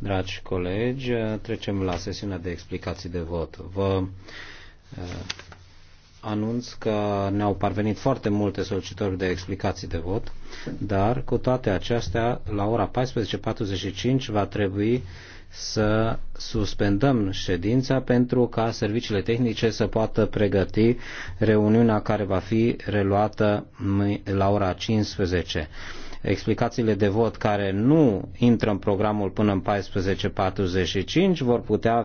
Dragi colegi, trecem la sesiunea de explicații de vot. Vă anunț că ne-au parvenit foarte multe solicitări de explicații de vot, dar cu toate acestea, la ora 14.45 va trebui să suspendăm ședința pentru ca serviciile tehnice să poată pregăti reuniunea care va fi reluată la ora 15 explicațiile de vot care nu intră în programul până în 14.45 vor putea